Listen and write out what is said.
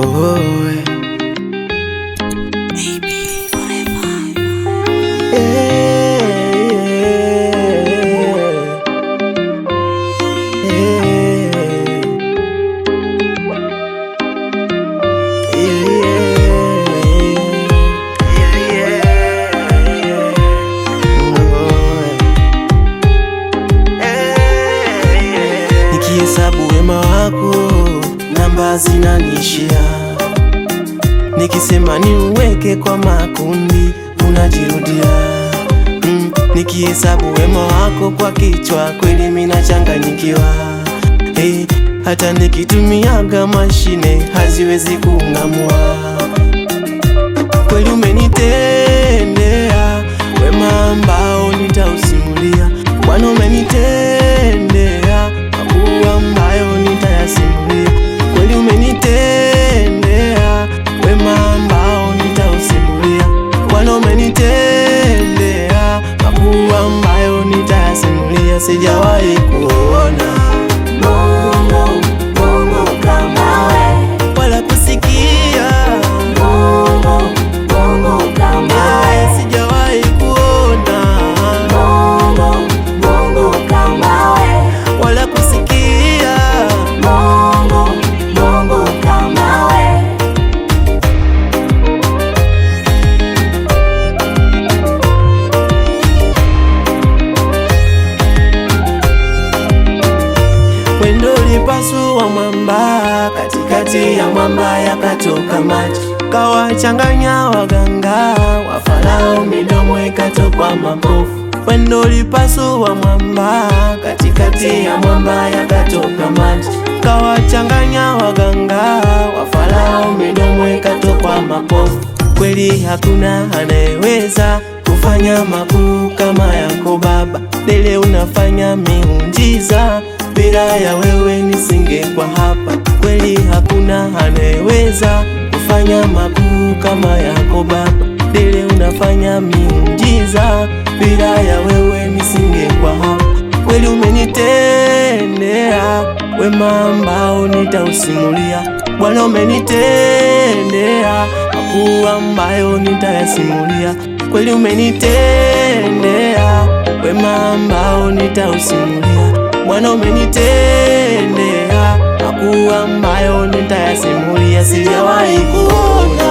Oh, oh, yeah. esa zinanishia, nikisema niuweke kwa makundi unajirudia. Mm, nikihesabu wema wako kwa kichwa, kweli minachanganyikiwa. Hey, hata nikitumiaga mashine haziwezi kungamua. Kweli umenitendea wema ambao nitausimulia, Bwana umenitendea sijawahi kuona Alipasua mwamba, katikati ya mwamba yakatoka maji, kawachanganya waganga wa Farao, midomo ikatoka mapofu. Wendo lipasua mwamba, katikati ya mwamba yakatoka maji, kawachanganya waganga wa Farao, midomo ikatoka mapofu. Kweli hakuna anayeweza kufanya makuu kama yako Baba, dele unafanya miujiza bila ya wewe usingekuwa hapa, kweli hakuna anayeweza kufanya makuu kama yako Baba. Dele, unafanya miujiza, bila ya wewe kwa hapa. Kweli umenitendea wema ambao nitausimulia. Bwana, umenitendea makuu ambayo nitayasimulia. Kweli umenitendea wema ambao nitausimulia. Bwana, umenitendea yanaendelea, makuu ambayo nitayasimulia sijawahi kuona